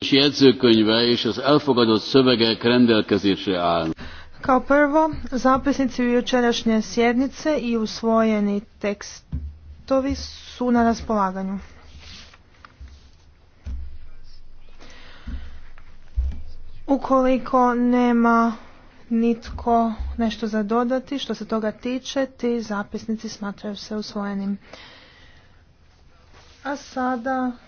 jegyzőkönyve és az elfogadott szövegek rendelkezésre Kao prvo, zapisnici jučerašnje sjednice i usvojeni tekstovi su na raspolaganju. Ukoliko nema nitko nešto za dodati, što se toga tiče, ti zapisnici smatraju se usvojenim. A sada